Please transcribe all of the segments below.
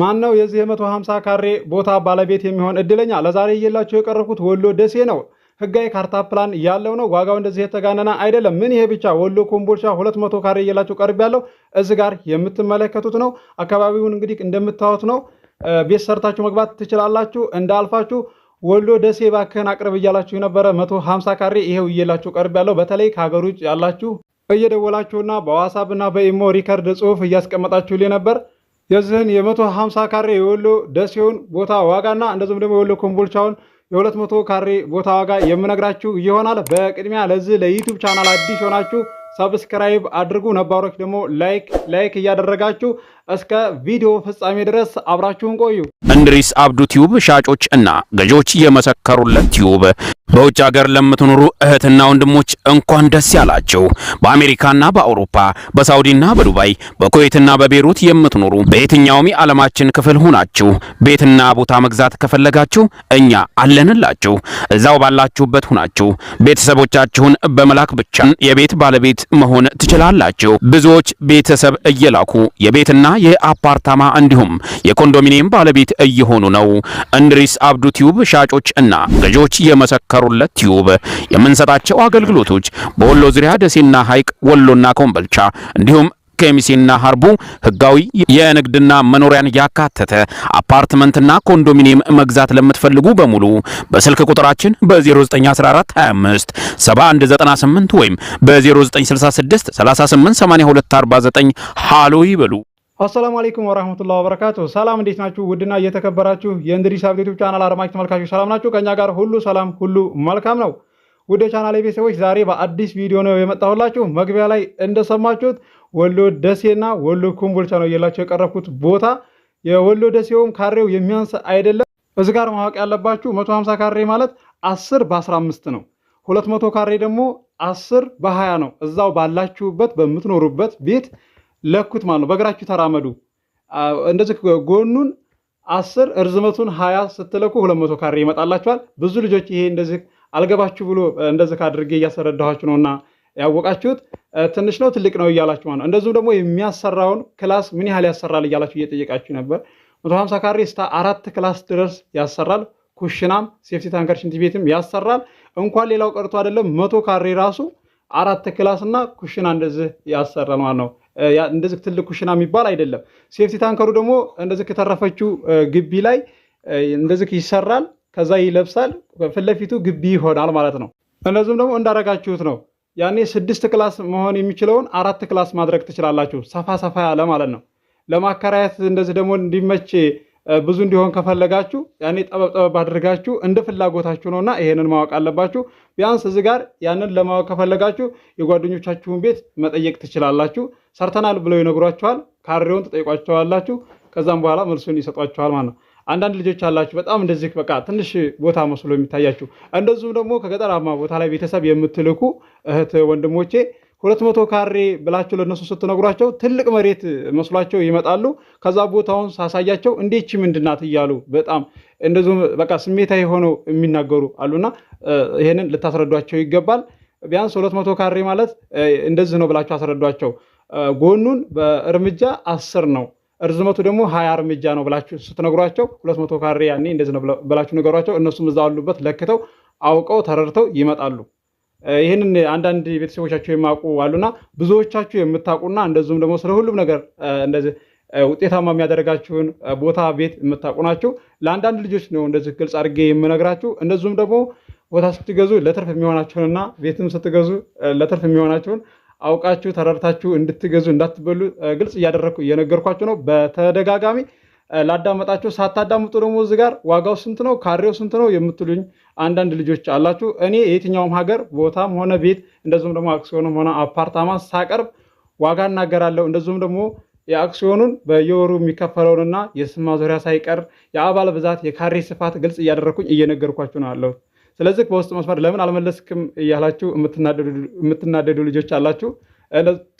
ማን ነው የዚህ 150 ካሬ ቦታ ባለቤት የሚሆን እድለኛ? ለዛሬ እየላቸው የቀረብኩት ወሎ ደሴ ነው። ህጋዊ ካርታ ፕላን ያለው ነው። ዋጋው እንደዚህ የተጋነና አይደለም። ምን ይሄ ብቻ ወሎ ኮምቦልቻ 200 ካሬ እየላቸው ቀርብ ያለው እዚህ ጋር የምትመለከቱት ነው። አካባቢውን እንግዲህ እንደምታዩት ነው። ቤት ሰርታችሁ መግባት ትችላላችሁ። እንዳልፋችሁ ወሎ ደሴ ባክህን አቅርብ እያላችሁ የነበረ 150 ካሬ ይሄው እየላችሁ ቀርብ ያለው። በተለይ ከሀገር ውጭ ያላችሁ እየደወላችሁና በዋሳብ እና በኢሞ ሪከርድ ጽሁፍ እያስቀመጣችሁ ነበር የዚህን የ150 ካሬ የወሎ ደሴውን ቦታ ዋጋና እንደዚሁም ደግሞ የወሎ ኮምቦልቻውን የ200 ካሬ ቦታ ዋጋ የምነግራችሁ ይሆናል። በቅድሚያ ለዚህ ለዩቲዩብ ቻናል አዲስ የሆናችሁ ሰብስክራይብ አድርጉ፣ ነባሮች ደግሞ ላይክ ላይክ እያደረጋችሁ እስከ ቪዲዮ ፍጻሜ ድረስ አብራችሁን ቆዩ። እንድሪስ አብዱ ቲዩብ ሻጮች እና ገዢዎች የመሰከሩለት ቲዩብ። በውጭ ሀገር ለምትኖሩ እህትና ወንድሞች እንኳን ደስ ያላችሁ። በአሜሪካና በአውሮፓ በሳውዲና በዱባይ በኩዌትና በቤሩት የምትኖሩ በየትኛውም የዓለማችን ክፍል ሁናችሁ ቤትና ቦታ መግዛት ከፈለጋችሁ እኛ አለንላችሁ። እዛው ባላችሁበት ሆናችሁ ቤተሰቦቻችሁን በመላክ ብቻ የቤት ባለቤት መሆን ትችላላችሁ። ብዙዎች ቤተሰብ እየላኩ የቤትና የአፓርታማ እንዲሁም የኮንዶሚኒየም ባለቤት እየሆኑ ነው። እንድሪስ አብዱ ቲዩብ ሻጮች እና ገዢዎች የመሰከሩለት ቲዩብ የምንሰጣቸው አገልግሎቶች በወሎ ዙሪያ ደሴና ሐይቅ፣ ወሎና ኮምበልቻ እንዲሁም ከሚሴና ሀርቡ ህጋዊ የንግድና መኖሪያን ያካተተ አፓርትመንትና ኮንዶሚኒየም መግዛት ለምትፈልጉ በሙሉ በስልክ ቁጥራችን በ091425 7198 ወይም በ0966 ሃሎ ይበሉ። አሰላሙ አለይኩም ወራህመቱላሂ ወበረካቱ። ሰላም እንዴት ናችሁ? ውድና እየተከበራችሁ የእንድሪስ ዩቲዩብ ቻናል አድማጭ ተመልካቾች ሰላም ናችሁ? ከኛ ጋር ሁሉ ሰላም፣ ሁሉ መልካም ነው። ውድ ቻናል ቤተሰቦች ዛሬ በአዲስ ቪዲዮ ነው የመጣሁላችሁ። መግቢያ ላይ እንደሰማችሁት ወሎ ደሴና ወሎ ኮምቦልቻ ነው እየላችሁ የቀረብኩት ቦታ። የወሎ ደሴውም ካሬው የሚያንስ አይደለም። እዚህ ጋር ማወቅ ያለባችሁ 150 ካሬ ማለት 10 በ15 ነው። 200 ካሬ ደግሞ 10 በ20 ነው። እዛው ባላችሁበት በምትኖሩበት ቤት ለኩት ማለት ነው። በእግራችሁ ተራመዱ። እንደዚህ ጎኑን አስር እርዝመቱን ሀያ ስትለኩ ሁለት መቶ ካሬ ይመጣላችኋል። ብዙ ልጆች ይሄ እንደዚህ አልገባችሁ ብሎ እንደዚህ አድርጌ እያስረዳኋችሁ እና ያወቃችሁት ትንሽ ነው ትልቅ ነው እያላችሁ ማለት ነው። እንደዚሁም ደግሞ የሚያሰራውን ክላስ ምን ያህል ያሰራል እያላችሁ እየጠየቃችሁ ነበር። 150 ካሬ እስከ አራት ክላስ ድረስ ያሰራል። ኩሽናም ሴፍቲ ታንከር ሽንት ቤትም ያሰራል። እንኳን ሌላው ቀርቶ አይደለም መቶ ካሬ ራሱ አራት እና ኩሽና እንደዚህ ያሰራል ማለት ነው። እንደዚህ ትልቅ ኩሽና የሚባል አይደለም። ሴፍቲ ታንከሩ ደግሞ እንደዚህ ከተረፈችው ግቢ ላይ እንደዚህ ይሰራል፣ ከዛ ይለብሳል፣ ፊትለፊቱ ግቢ ይሆናል ማለት ነው። እነዚህም ደግሞ እንዳረጋችሁት ነው። ያኔ ስድስት ክላስ መሆን የሚችለውን አራት ክላስ ማድረግ ትችላላችሁ። ሰፋ ሰፋ ያለ ማለት ነው። ለማከራየት እንደዚህ ደግሞ እንዲመች ብዙ እንዲሆን ከፈለጋችሁ ያኔ ጠበብ ጠበብ አድርጋችሁ እንደ ፍላጎታችሁ ነውና ይሄንን ማወቅ አለባችሁ። ቢያንስ እዚህ ጋር ያንን ለማወቅ ከፈለጋችሁ የጓደኞቻችሁን ቤት መጠየቅ ትችላላችሁ። ሰርተናል ብለው ይነግሯችኋል። ካሬውን ትጠይቋቸዋላችሁ። ከዛም በኋላ መልሱን ይሰጧችኋል ማለት ነው። አንዳንድ ልጆች አላችሁ በጣም እንደዚህ በቃ ትንሽ ቦታ መስሎ የሚታያችሁ፣ እንደዚሁም ደግሞ ከገጠራማ ቦታ ላይ ቤተሰብ የምትልኩ እህት ወንድሞቼ ሁለት መቶ ካሬ ብላችሁ ለነሱ ስትነግሯቸው ትልቅ መሬት መስሏቸው ይመጣሉ። ከዛ ቦታውን ሳሳያቸው እንዴች ምንድናት እያሉ በጣም እንደዚሁም በቃ ስሜታዊ ሆነው የሚናገሩ አሉና ይህንን ልታስረዷቸው ይገባል። ቢያንስ ሁለት መቶ ካሬ ማለት እንደዚህ ነው ብላችሁ አስረዷቸው። ጎኑን በእርምጃ አስር ነው እርዝመቱ ደግሞ ሀያ እርምጃ ነው ብላችሁ ስትነግሯቸው ሁለት መቶ ካሬ ያኔ እንደዚህ ነው ብላችሁ ነገሯቸው። እነሱም እዛ አሉበት ለክተው አውቀው ተረድተው ይመጣሉ። ይህንን አንዳንድ ቤተሰቦቻቸው የማውቁ አሉና ብዙዎቻችሁ የምታውቁና እንደዚሁም ደግሞ ስለ ሁሉም ነገር እንደዚህ ውጤታማ የሚያደርጋችሁን ቦታ ቤት የምታውቁ ናችሁ። ለአንዳንድ ልጆች ነው እንደዚህ ግልጽ አድርጌ የምነግራችሁ። እንደዚሁም ደግሞ ቦታ ስትገዙ ለትርፍ የሚሆናችሁንና ቤትም ስትገዙ ለትርፍ የሚሆናችሁን አውቃችሁ ተረድታችሁ እንድትገዙ እንዳትበሉ ግልጽ እያደረግኩ እየነገርኳችሁ ነው በተደጋጋሚ ላዳመጣችሁ ሳታዳምጡ ደግሞ እዚህ ጋር ዋጋው ስንት ነው ካሬው ስንት ነው የምትሉኝ አንዳንድ ልጆች አላችሁ። እኔ የትኛውም ሀገር ቦታም ሆነ ቤት እንደዚሁም ደግሞ አክሲዮንም ሆነ አፓርታማ ሳቀርብ ዋጋ እናገራለሁ። እንደዚሁም ደግሞ የአክሲዮኑን በየወሩ የሚከፈለውንና የስማ ዙሪያ ሳይቀር የአባል ብዛት፣ የካሬ ስፋት ግልጽ እያደረግኩኝ እየነገርኳችሁ ነው ያለሁት። ስለዚህ በውስጥ መስመር ለምን አልመለስክም እያላችሁ የምትናደዱ ልጆች አላችሁ።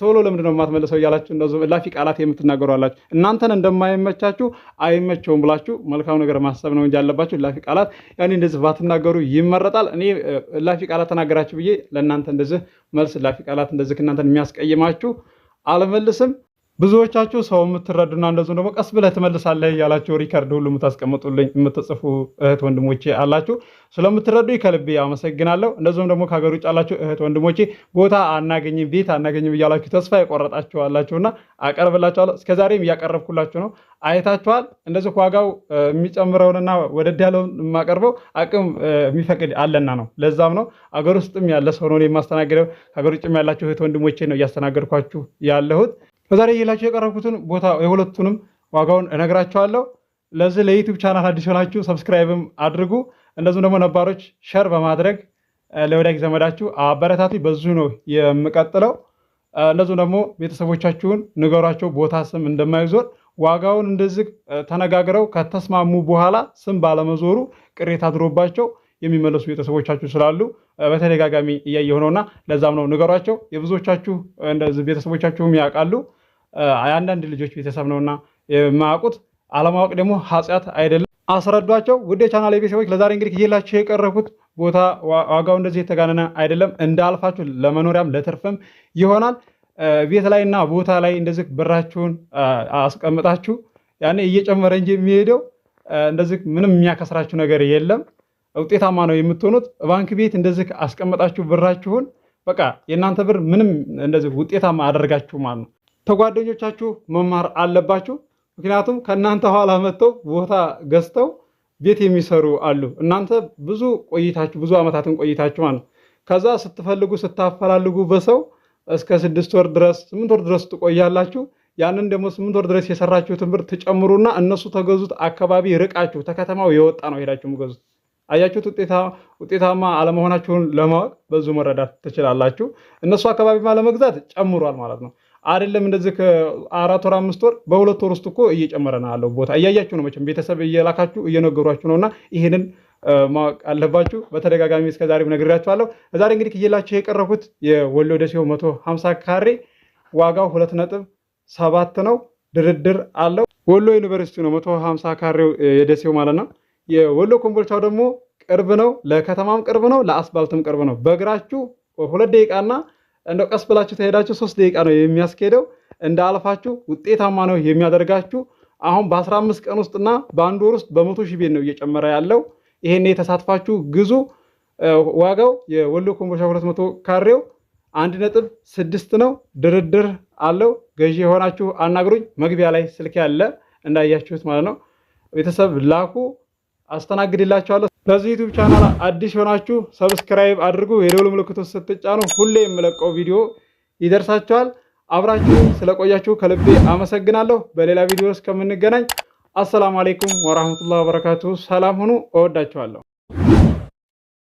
ቶሎ ለምንድነው የማትመልሰው እያላችሁ እላፊ ቃላት የምትናገሩ አላችሁ። እናንተን እንደማይመቻችሁ አይመቸውም ብላችሁ መልካም ነገር ማሰብ ነው እንጂ ያለባችሁ እላፊ ቃላት ያኔ እንደዚህ ባትናገሩ ይመረጣል። እኔ እላፊ ቃላት ተናገራችሁ ብዬ ለእናንተ እንደዚህ መልስ እላፊ ቃላት እንደዚህ እናንተን የሚያስቀይማችሁ አልመልስም። ብዙዎቻችሁ ሰው የምትረዱና እንደዚሁም ደግሞ ቀስ ብለህ ትመልሳለህ እያላችሁ ሪከርድ ሁሉ የምታስቀምጡልኝ የምትጽፉ እህት ወንድሞቼ አላችሁ። ስለምትረዱኝ ከልቤ አመሰግናለሁ። እንደዚሁም ደግሞ ከሀገር ውጭ ያላችሁ እህት ወንድሞቼ ቦታ አናገኝም፣ ቤት አናገኝም እያላችሁ ተስፋ የቆረጣችሁ አላችሁና አቀርብላችኋለሁ። እስከዛሬም እያቀረብኩላችሁ ነው፣ አይታችኋል። እንደዚህ ዋጋው የሚጨምረውንና ወደድ ያለውን የማቀርበው አቅም የሚፈቅድ አለና ነው። ለዛም ነው አገር ውስጥም ያለ ሰው ነው የማስተናገደው። ከሀገር ውጭም ያላችሁ እህት ወንድሞቼ ነው እያስተናገድኳችሁ ያለሁት። ለዛሬ እየላችሁ የቀረብኩትን ቦታ የሁለቱንም ዋጋውን እነግራቸዋለሁ። ለዚህ ለዩቱብ ቻናል አዲስ ሆናችሁ ሰብስክራይብም አድርጉ። እንደዚሁም ደግሞ ነባሮች ሸር በማድረግ ለወዳጅ ዘመዳችሁ አበረታቱ። በዙ ነው የምቀጥለው። እንደዚሁም ደግሞ ቤተሰቦቻችሁን ንገሯቸው፣ ቦታ ስም እንደማይዞር ዋጋውን እንደዚህ ተነጋግረው ከተስማሙ በኋላ ስም ባለመዞሩ ቅሬታ አድሮባቸው የሚመለሱ ቤተሰቦቻችሁ ስላሉ በተደጋጋሚ እያየሁ ነውና ለዛም ነው ንገሯቸው። የብዙዎቻችሁ ቤተሰቦቻችሁም ያውቃሉ። አንዳንድ ልጆች ቤተሰብ ነውና የማያውቁት አለማወቅ ደግሞ ኃጢአት አይደለም። አስረዷቸው። ውድ የቻናል ቤተሰቦች ለዛሬ እንግዲህ ይላቸው የቀረብኩት ቦታ ዋጋው እንደዚህ የተጋነነ አይደለም። እንዳልፋችሁ ለመኖሪያም ለትርፍም ይሆናል። ቤት ላይ እና ቦታ ላይ እንደዚህ ብራችሁን አስቀምጣችሁ ያኔ እየጨመረ እንጂ የሚሄደው እንደዚህ ምንም የሚያከስራችሁ ነገር የለም። ውጤታማ ነው የምትሆኑት። ባንክ ቤት እንደዚህ አስቀምጣችሁ ብራችሁን በቃ የእናንተ ብር ምንም እንደዚህ ውጤታማ አደርጋችሁ ማለት ነው። ተጓደኞቻችሁ መማር አለባችሁ። ምክንያቱም ከእናንተ ኋላ መጥተው ቦታ ገዝተው ቤት የሚሰሩ አሉ። እናንተ ብዙ ቆይታችሁ ብዙ ዓመታትን ቆይታችሁ ማለት ነው። ከዛ ስትፈልጉ ስታፈላልጉ በሰው እስከ ስድስት ወር ድረስ ስምንት ወር ድረስ ትቆያላችሁ። ያንን ደግሞ ስምንት ወር ድረስ የሰራችሁትን ብር ትጨምሩና እነሱ ተገዙት አካባቢ ርቃችሁ ተከተማው የወጣ ነው ሄዳችሁ ምገዙት። አያችሁት? ውጤታማ አለመሆናችሁን ለማወቅ በዙ መረዳት ትችላላችሁ። እነሱ አካባቢ ለመግዛት ጨምሯል ማለት ነው። አይደለም እንደዚህ ከአራት ወር አምስት ወር በሁለት ወር ውስጥ እኮ እየጨመረ ነው ያለው ቦታ እያያችሁ ነው። መቼም ቤተሰብ እየላካችሁ እየነገሯችሁ እና ይህንን ማወቅ አለባችሁ። በተደጋጋሚ እስከዛሬ ነግሬያችኋለሁ። ዛሬ እንግዲህ ክየላችሁ የቀረብኩት የወሎ ደሴው መቶ ሀምሳ ካሬ ዋጋው ሁለት ነጥብ ሰባት ነው። ድርድር አለው። ወሎ ዩኒቨርሲቲ ነው መቶ ሀምሳ ካሬው የደሴው ማለት ነው። የወሎ ኮምቦልቻው ደግሞ ቅርብ ነው። ለከተማም ቅርብ ነው፣ ለአስፋልትም ቅርብ ነው። በእግራችሁ ሁለት ደቂቃና እንደው ቀስ ብላችሁ ተሄዳችሁ ሶስት ደቂቃ ነው የሚያስኬደው። እንዳልፋችሁ ውጤታማ ነው የሚያደርጋችሁ። አሁን በ15 ቀን ውስጥና በአንድ ወር ውስጥ በመቶ ሺህ ቤት ነው እየጨመረ ያለው። ይሄን የተሳትፋችሁ ግዙ። ዋጋው የወሎ ኮምቦልቻ 200 ካሬው አንድ ነጥብ ስድስት ነው። ድርድር አለው። ገዢ የሆናችሁ አናግሩኝ። መግቢያ ላይ ስልክ ያለ እንዳያችሁት ማለት ነው። ቤተሰብ ላኩ፣ አስተናግድላችኋለሁ። ለዚህ ዩቲዩብ ቻናል አዲስ የሆናችሁ ሰብስክራይብ አድርጉ። የደውል ምልክቱ ስትጫኑ ሁሌ የምለቀው ቪዲዮ ይደርሳችኋል። አብራችሁ ስለቆያችሁ ከልቤ አመሰግናለሁ። በሌላ ቪዲዮ እስከምንገናኝ አሰላሙ አሌይኩም ወራህመቱላ ወበረካቱ። ሰላም ሁኑ። እወዳችኋለሁ።